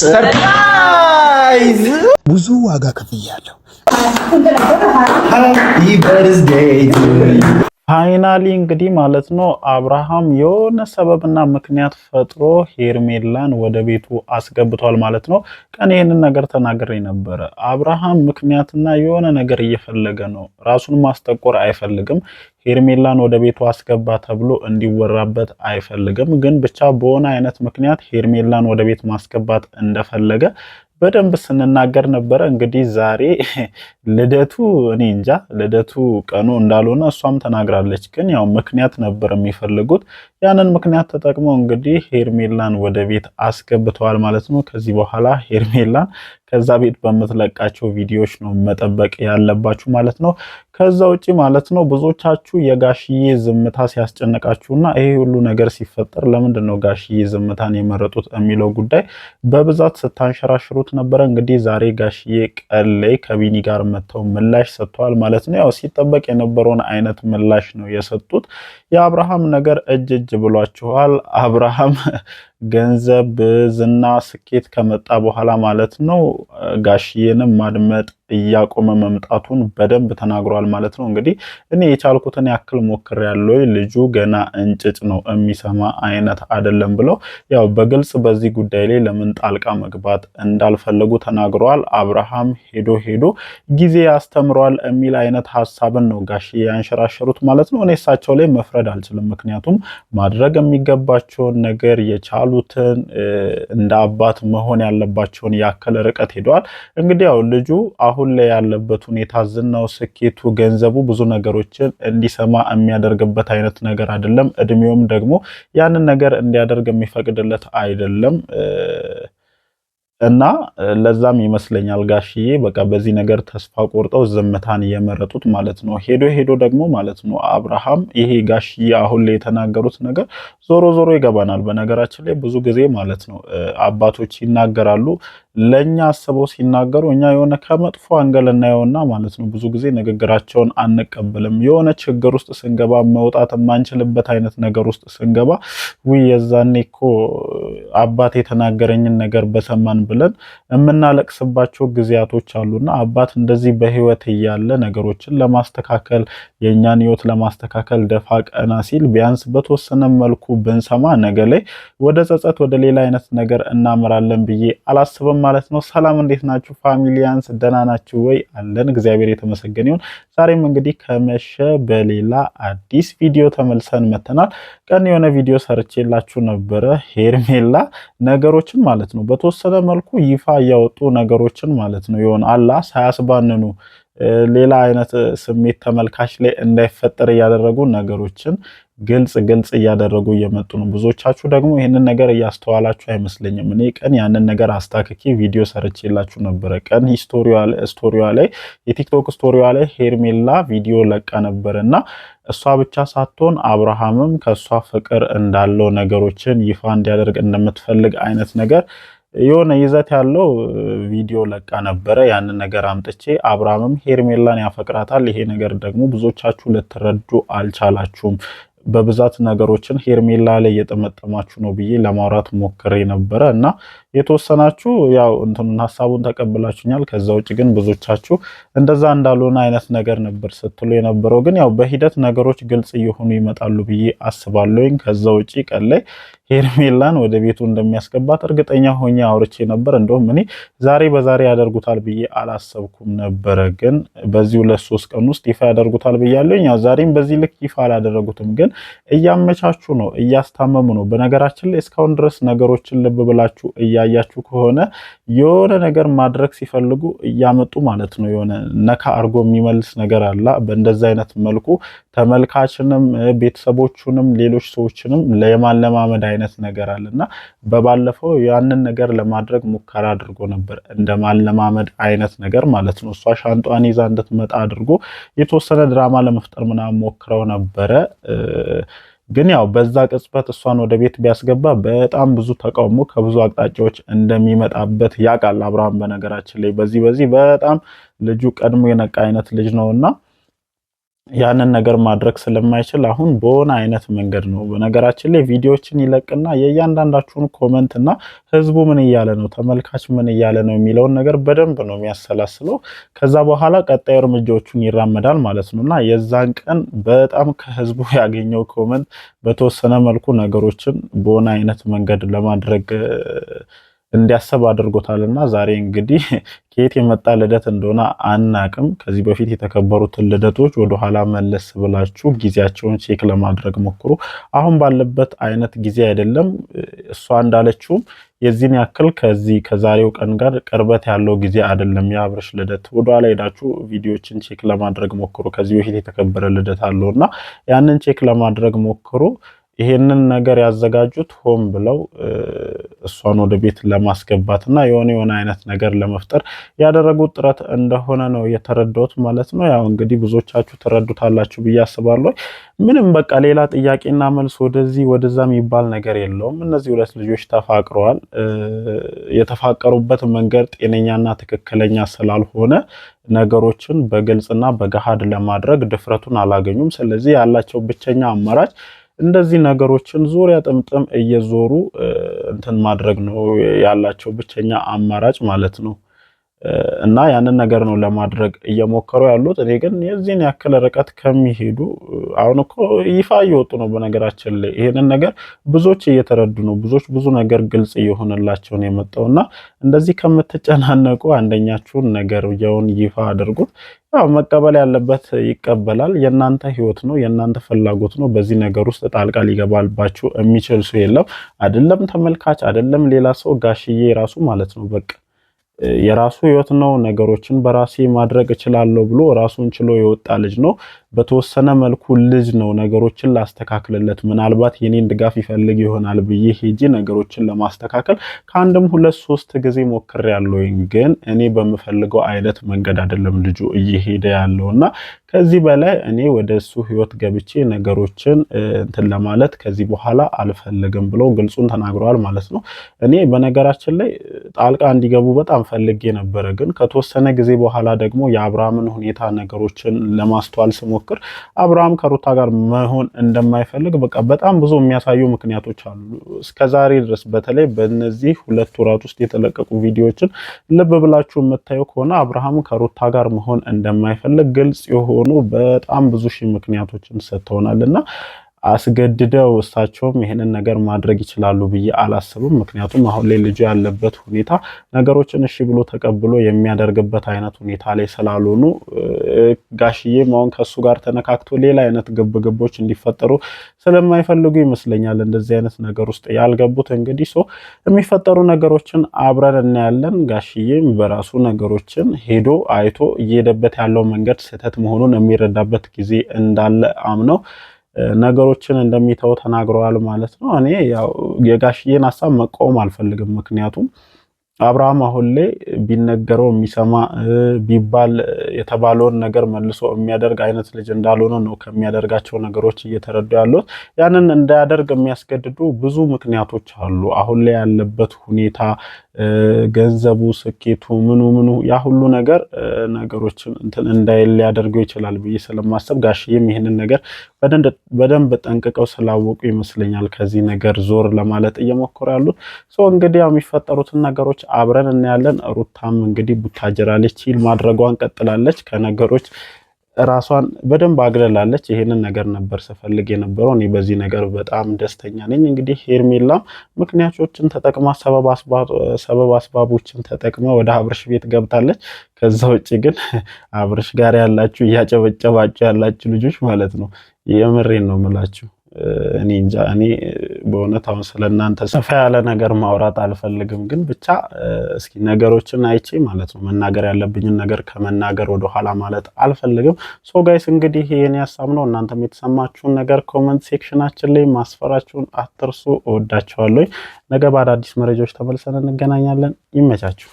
ሰርፕራይዝ ብዙ ዋጋ ከፍያለሁ። ፋይናሊ እንግዲህ ማለት ነው አብርሃም የሆነ ሰበብና ምክንያት ፈጥሮ ሄርሜላን ወደ ቤቱ አስገብቷል ማለት ነው። ቀን ይህንን ነገር ተናግሬ ነበረ። አብርሃም ምክንያትና የሆነ ነገር እየፈለገ ነው። ራሱን ማስጠቆር አይፈልግም። ሄርሜላን ወደ ቤቱ አስገባ ተብሎ እንዲወራበት አይፈልግም። ግን ብቻ በሆነ አይነት ምክንያት ሄርሜላን ወደ ቤት ማስገባት እንደፈለገ በደንብ ስንናገር ነበረ። እንግዲህ ዛሬ ልደቱ እኔ እንጃ ልደቱ ቀኑ እንዳልሆነ እሷም ተናግራለች። ግን ያው ምክንያት ነበር የሚፈልጉት። ያንን ምክንያት ተጠቅመው እንግዲህ ሄርሜላን ወደ ቤት አስገብተዋል ማለት ነው። ከዚህ በኋላ ሄርሜላን ከዛ ቤት በምትለቃቸው ቪዲዮዎች ነው መጠበቅ ያለባችሁ ማለት ነው። ከዛ ውጪ ማለት ነው ብዙዎቻችሁ የጋሽዬ ዝምታ ሲያስጨነቃችሁና ይሄ ሁሉ ነገር ሲፈጠር ለምንድን ነው ጋሽዬ ዝምታን የመረጡት የሚለው ጉዳይ በብዛት ስታንሸራሽሩት ነበረ። እንግዲህ ዛሬ ጋሽዬ ቀን ላይ ከቢኒ ጋር መጥተው ምላሽ ሰጥተዋል ማለት ነው። ያው ሲጠበቅ የነበረውን አይነት ምላሽ ነው የሰጡት። የአብርሃም ነገር እጅ እጅ ብሏችኋል። አብርሃም ገንዘብ፣ ዝና፣ ስኬት ከመጣ በኋላ ማለት ነው ጋሽዬንም ማድመጥ እያቆመ መምጣቱን በደንብ ተናግሯል ማለት ነው። እንግዲህ እኔ የቻልኩትን ያክል ያለው ልጁ ገና እንጭጭ ነው የሚሰማ አይነት አይደለም ብለው ያው በግልጽ በዚህ ጉዳይ ላይ ለምን ጣልቃ መግባት እንዳልፈለጉ ተናግረዋል። አብርሃም ሄዶ ሄዶ ጊዜ ያስተምረዋል የሚል አይነት ሀሳብን ነው ጋሽ ያንሸራሸሩት ማለት ነው። እኔ እሳቸው ላይ መፍረድ አልችልም፣ ምክንያቱም ማድረግ የሚገባቸውን ነገር የቻሉትን እንደ አባት መሆን ያለባቸውን ያክል ርቀት ሄደዋል። እንግዲህ ያው ልጁ አሁን ላይ ያለበት ሁኔታ ዝናው፣ ስኬቱ፣ ገንዘቡ ብዙ ነገሮችን እንዲሰማ የሚያደርግበት አይነት ነገር አይደለም። እድሜውም ደግሞ ያንን ነገር እንዲያደርግ የሚፈቅድለት አይደለም። እና ለዛም ይመስለኛል ጋሽዬ በቃ በዚህ ነገር ተስፋ ቆርጠው ዝምታን የመረጡት ማለት ነው። ሄዶ ሄዶ ደግሞ ማለት ነው አብርሃም ይሄ ጋሽዬ አሁን ላይ የተናገሩት ነገር ዞሮ ዞሮ ይገባናል። በነገራችን ላይ ብዙ ጊዜ ማለት ነው አባቶች ይናገራሉ። ለእኛ አስበው ሲናገሩ እኛ የሆነ ከመጥፎ አንገል እናየውና ማለት ነው ብዙ ጊዜ ንግግራቸውን አንቀበልም። የሆነ ችግር ውስጥ ስንገባ መውጣት የማንችልበት አይነት ነገር ውስጥ ስንገባ ውይ የዛኔ እኮ አባት የተናገረኝን ነገር በሰማን ብለን የምናለቅስባቸው ጊዜያቶች አሉና አባት እንደዚህ በህይወት እያለ ነገሮችን ለማስተካከል የእኛን ህይወት ለማስተካከል ደፋ ቀና ሲል ቢያንስ በተወሰነ መልኩ ብንሰማ ነገ ላይ ወደ ጸጸት፣ ወደ ሌላ አይነት ነገር እናምራለን ብዬ አላስብም ማለት ነው። ሰላም እንዴት ናችሁ ፋሚሊያንስ? ደህና ናችሁ ወይ? አለን እግዚአብሔር የተመሰገነ ይሁን። ዛሬም እንግዲህ ከመሸ በሌላ አዲስ ቪዲዮ ተመልሰን መተናል። ቀን የሆነ ቪዲዮ ሰርቼላችሁ ነበረ ሄርሜላ ነገሮችን ማለት ነው በተወሰነ መልኩ ይፋ እያወጡ ነገሮችን ማለት ነው ይሆን አላ ሳያስባንኑ ሌላ አይነት ስሜት ተመልካች ላይ እንዳይፈጠር እያደረጉ ነገሮችን ግልጽ ግልጽ እያደረጉ እየመጡ ነው። ብዙዎቻችሁ ደግሞ ይህንን ነገር እያስተዋላችሁ አይመስለኝም። እኔ ቀን ያንን ነገር አስታክኬ ቪዲዮ ሰርቼላችሁ ነበረ። ቀን ስቶሪዋ ላይ የቲክቶክ ስቶሪዋ ላይ ሄርሜላ ቪዲዮ ለቃ ነበር እና እሷ ብቻ ሳትሆን አብርሃምም ከእሷ ፍቅር እንዳለው ነገሮችን ይፋ እንዲያደርግ እንደምትፈልግ አይነት ነገር የሆነ ይዘት ያለው ቪዲዮ ለቃ ነበረ። ያንን ነገር አምጥቼ አብርሃምም ሄርሜላን ያፈቅራታል። ይሄ ነገር ደግሞ ብዙዎቻችሁ ልትረዱ አልቻላችሁም። በብዛት ነገሮችን ሄርሜላ ላይ እየጠመጠማችሁ ነው ብዬ ለማውራት ሞክሬ ነበረ እና የተወሰናችሁ ያው እንትኑን ሀሳቡን ተቀብላችሁኛል። ከዛ ውጭ ግን ብዙቻችሁ እንደዛ እንዳልሆነ አይነት ነገር ነበር ስትሉ የነበረው። ግን ያው በሂደት ነገሮች ግልጽ እየሆኑ ይመጣሉ ብዬ አስባለሁኝ። ከዛ ውጭ ቀን ላይ ሄርሜላን ወደ ቤቱ እንደሚያስገባት እርግጠኛ ሆኜ አውርቼ ነበር። እንደውም እኔ ዛሬ በዛሬ ያደርጉታል ብዬ አላሰብኩም ነበረ፣ ግን በዚህ ሁለት ሶስት ቀን ውስጥ ይፋ ያደርጉታል ብዬ ያው ዛሬም በዚህ ልክ ይፋ አላደረጉትም፣ ግን እያመቻቹ ነው፣ እያስታመሙ ነው። በነገራችን ላይ እስካሁን ድረስ ነገሮችን ልብ ብላችሁ እያያችሁ ከሆነ የሆነ ነገር ማድረግ ሲፈልጉ እያመጡ ማለት ነው። የሆነ ነካ አርጎ የሚመልስ ነገር አለ። በእንደዚህ አይነት መልኩ ተመልካችንም ቤተሰቦቹንም ሌሎች ሰዎችንም ለማለማመድ አይነት ነገር አለ እና በባለፈው ያንን ነገር ለማድረግ ሙከራ አድርጎ ነበር፣ እንደ ማለማመድ አይነት ነገር ማለት ነው። እሷ ሻንጧን ይዛ እንድትመጣ አድርጎ የተወሰነ ድራማ ለመፍጠር ምናምን ሞክረው ነበረ። ግን ያው በዛ ቅጽበት እሷን ወደ ቤት ቢያስገባ በጣም ብዙ ተቃውሞ ከብዙ አቅጣጫዎች እንደሚመጣበት ያውቃል አብርሃም። በነገራችን ላይ በዚህ በዚህ በጣም ልጁ ቀድሞ የነቃ አይነት ልጅ ነው እና። ያንን ነገር ማድረግ ስለማይችል አሁን በሆነ አይነት መንገድ ነው። በነገራችን ላይ ቪዲዮዎችን ይለቅና የእያንዳንዳችሁን ኮመንት እና ህዝቡ ምን እያለ ነው፣ ተመልካች ምን እያለ ነው የሚለውን ነገር በደንብ ነው የሚያሰላስለው። ከዛ በኋላ ቀጣዩ እርምጃዎቹን ይራመዳል ማለት ነው እና የዛን ቀን በጣም ከህዝቡ ያገኘው ኮመንት በተወሰነ መልኩ ነገሮችን በሆነ አይነት መንገድ ለማድረግ እንዲያሰብ እና ዛሬ እንግዲህ ከየት የመጣ ልደት እንደሆነ አናቅም። ከዚህ በፊት የተከበሩትን ልደቶች ወደኋላ መለስ ብላችሁ ጊዜያቸውን ቼክ ለማድረግ ሞክሩ። አሁን ባለበት አይነት ጊዜ አይደለም። እሷ እንዳለችውም የዚህን ያክል ከዚህ ከዛሬው ቀን ጋር ቅርበት ያለው ጊዜ አይደለም። የአብርሽ ልደት ወደኋላ ሄዳችሁ ቪዲዮችን ቼክ ለማድረግ ሞክሩ። ከዚህ በፊት የተከበረ ልደት አለውና ያንን ቼክ ለማድረግ ሞክሩ። ይሄንን ነገር ያዘጋጁት ሆን ብለው እሷን ወደ ቤት ለማስገባት እና የሆነ የሆነ አይነት ነገር ለመፍጠር ያደረጉት ጥረት እንደሆነ ነው የተረዳሁት ማለት ነው። ያው እንግዲህ ብዙዎቻችሁ ትረዱታላችሁ ብዬ አስባለሁ። ምንም በቃ ሌላ ጥያቄና መልስ ወደዚህ ወደዛ የሚባል ነገር የለውም። እነዚህ ሁለት ልጆች ተፋቅረዋል። የተፋቀሩበት መንገድ ጤነኛና ትክክለኛ ስላልሆነ ነገሮችን በግልጽና በገሃድ ለማድረግ ድፍረቱን አላገኙም። ስለዚህ ያላቸው ብቸኛ አማራጭ እንደዚህ ነገሮችን ዙሪያ ጥምጥም እየዞሩ እንትን ማድረግ ነው ያላቸው ብቸኛ አማራጭ ማለት ነው። እና ያንን ነገር ነው ለማድረግ እየሞከሩ ያሉት። እኔ ግን የዚህን ያክል ርቀት ከሚሄዱ አሁን እኮ ይፋ እየወጡ ነው። በነገራችን ላይ ይሄንን ነገር ብዙዎች እየተረዱ ነው። ብዙዎች ብዙ ነገር ግልጽ እየሆነላቸው ነው የመጣው እና እንደዚህ ከምትጨናነቁ አንደኛችሁን የውን ይፋ አድርጉት። ያው መቀበል ያለበት ይቀበላል። የእናንተ ህይወት ነው፣ የእናንተ ፍላጎት ነው። በዚህ ነገር ውስጥ ጣልቃ ሊገባልባችሁ የሚችል ሰው የለም። አይደለም ተመልካች፣ አይደለም ሌላ ሰው፣ ጋሽዬ ራሱ ማለት ነው በቃ የራሱ ህይወት ነው፣ ነገሮችን በራሴ ማድረግ እችላለሁ ብሎ ራሱን ችሎ የወጣ ልጅ ነው። በተወሰነ መልኩ ልጅ ነው፣ ነገሮችን ላስተካክልለት፣ ምናልባት የኔን ድጋፍ ይፈልግ ይሆናል ብዬ ሄጄ ነገሮችን ለማስተካከል ከአንድም ሁለት ሶስት ጊዜ ሞክሬያለሁኝ። ግን እኔ በምፈልገው አይነት መንገድ አይደለም ልጁ እየሄደ እና ከዚህ በላይ እኔ ወደ እሱ ህይወት ገብቼ ነገሮችን እንትን ለማለት ከዚህ በኋላ አልፈልግም ብለው ግልጹን ተናግረዋል ማለት ነው። እኔ በነገራችን ላይ ጣልቃ እንዲገቡ በጣም ፈልጌ ነበረ። ግን ከተወሰነ ጊዜ በኋላ ደግሞ የአብርሃምን ሁኔታ ነገሮችን ለማስተዋል ስሞ ሲሞክር አብርሃም ከሩታ ጋር መሆን እንደማይፈልግ በቃ በጣም ብዙ የሚያሳዩ ምክንያቶች አሉ። እስከዛሬ ድረስ በተለይ በነዚህ ሁለት ወራት ውስጥ የተለቀቁ ቪዲዮዎችን ልብ ብላችሁ የምታዩ ከሆነ አብርሃም ከሩታ ጋር መሆን እንደማይፈልግ ግልጽ የሆኑ በጣም ብዙ ሺህ ምክንያቶችን ሰጥተውናል እና አስገድደው እሳቸውም ይህንን ነገር ማድረግ ይችላሉ ብዬ አላስብም። ምክንያቱም አሁን ላይ ልጁ ያለበት ሁኔታ ነገሮችን እሺ ብሎ ተቀብሎ የሚያደርግበት አይነት ሁኔታ ላይ ስላልሆኑ ጋሽዬም አሁን ከሱ ጋር ተነካክቶ ሌላ አይነት ግብግቦች እንዲፈጠሩ ስለማይፈልጉ ይመስለኛል እንደዚህ አይነት ነገር ውስጥ ያልገቡት። እንግዲህ ሰው የሚፈጠሩ ነገሮችን አብረን እናያለን። ጋሽዬም በራሱ ነገሮችን ሄዶ አይቶ እየሄደበት ያለው መንገድ ስህተት መሆኑን የሚረዳበት ጊዜ እንዳለ አምነው ነገሮችን እንደሚተው ተናግረዋል ማለት ነው። እኔ ያው የጋሽዬን ሀሳብ መቃወም አልፈልግም። ምክንያቱም አብርሃም አሁን ላይ ቢነገረው የሚሰማ ቢባል የተባለውን ነገር መልሶ የሚያደርግ አይነት ልጅ እንዳልሆነ ነው ከሚያደርጋቸው ነገሮች እየተረዱ ያሉት። ያንን እንዳያደርግ የሚያስገድዱ ብዙ ምክንያቶች አሉ። አሁን ላይ ያለበት ሁኔታ፣ ገንዘቡ፣ ስኬቱ፣ ምኑ ምኑ ያ ሁሉ ነገር ነገሮችን እንትን እንዳይል ሊያደርገው ይችላል ብዬ ስለማሰብ ጋሽዬም ይህንን ነገር በደንብ ጠንቅቀው ስላወቁ ይመስለኛል ከዚህ ነገር ዞር ለማለት እየሞከሩ ያሉት። እንግዲህ ያው የሚፈጠሩትን ነገሮች አብረን እናያለን። ሩታም እንግዲህ ቡታጀራለች ላይ ማድረጓን ቀጥላለች ከነገሮች ራሷን በደንብ አግለላለች። ይሄንን ነገር ነበር ስፈልግ የነበረው። እኔ በዚህ ነገር በጣም ደስተኛ ነኝ። እንግዲህ ሄርሜላ ምክንያቶችን ተጠቅማ ሰበብ አስባቦችን ተጠቅማ ወደ አብርሽ ቤት ገብታለች። ከዛ ውጭ ግን አብርሽ ጋር ያላችሁ እያጨበጨባችሁ ያላችሁ ልጆች ማለት ነው የምሬን ነው ምላችሁ እኔ እንጃ። እኔ በእውነት አሁን ስለ እናንተ ሰፋ ያለ ነገር ማውራት አልፈልግም፣ ግን ብቻ እስኪ ነገሮችን አይቼ ማለት ነው መናገር ያለብኝን ነገር ከመናገር ወደኋላ ማለት አልፈልግም። ሶ ጋይስ እንግዲህ ይህን ሀሳብ ነው። እናንተም የተሰማችሁን ነገር ኮመንት ሴክሽናችን ላይ ማስፈራችሁን አትርሱ። እወዳችኋለሁ። ነገ በአዳዲስ መረጃዎች ተመልሰን እንገናኛለን። ይመቻችሁ።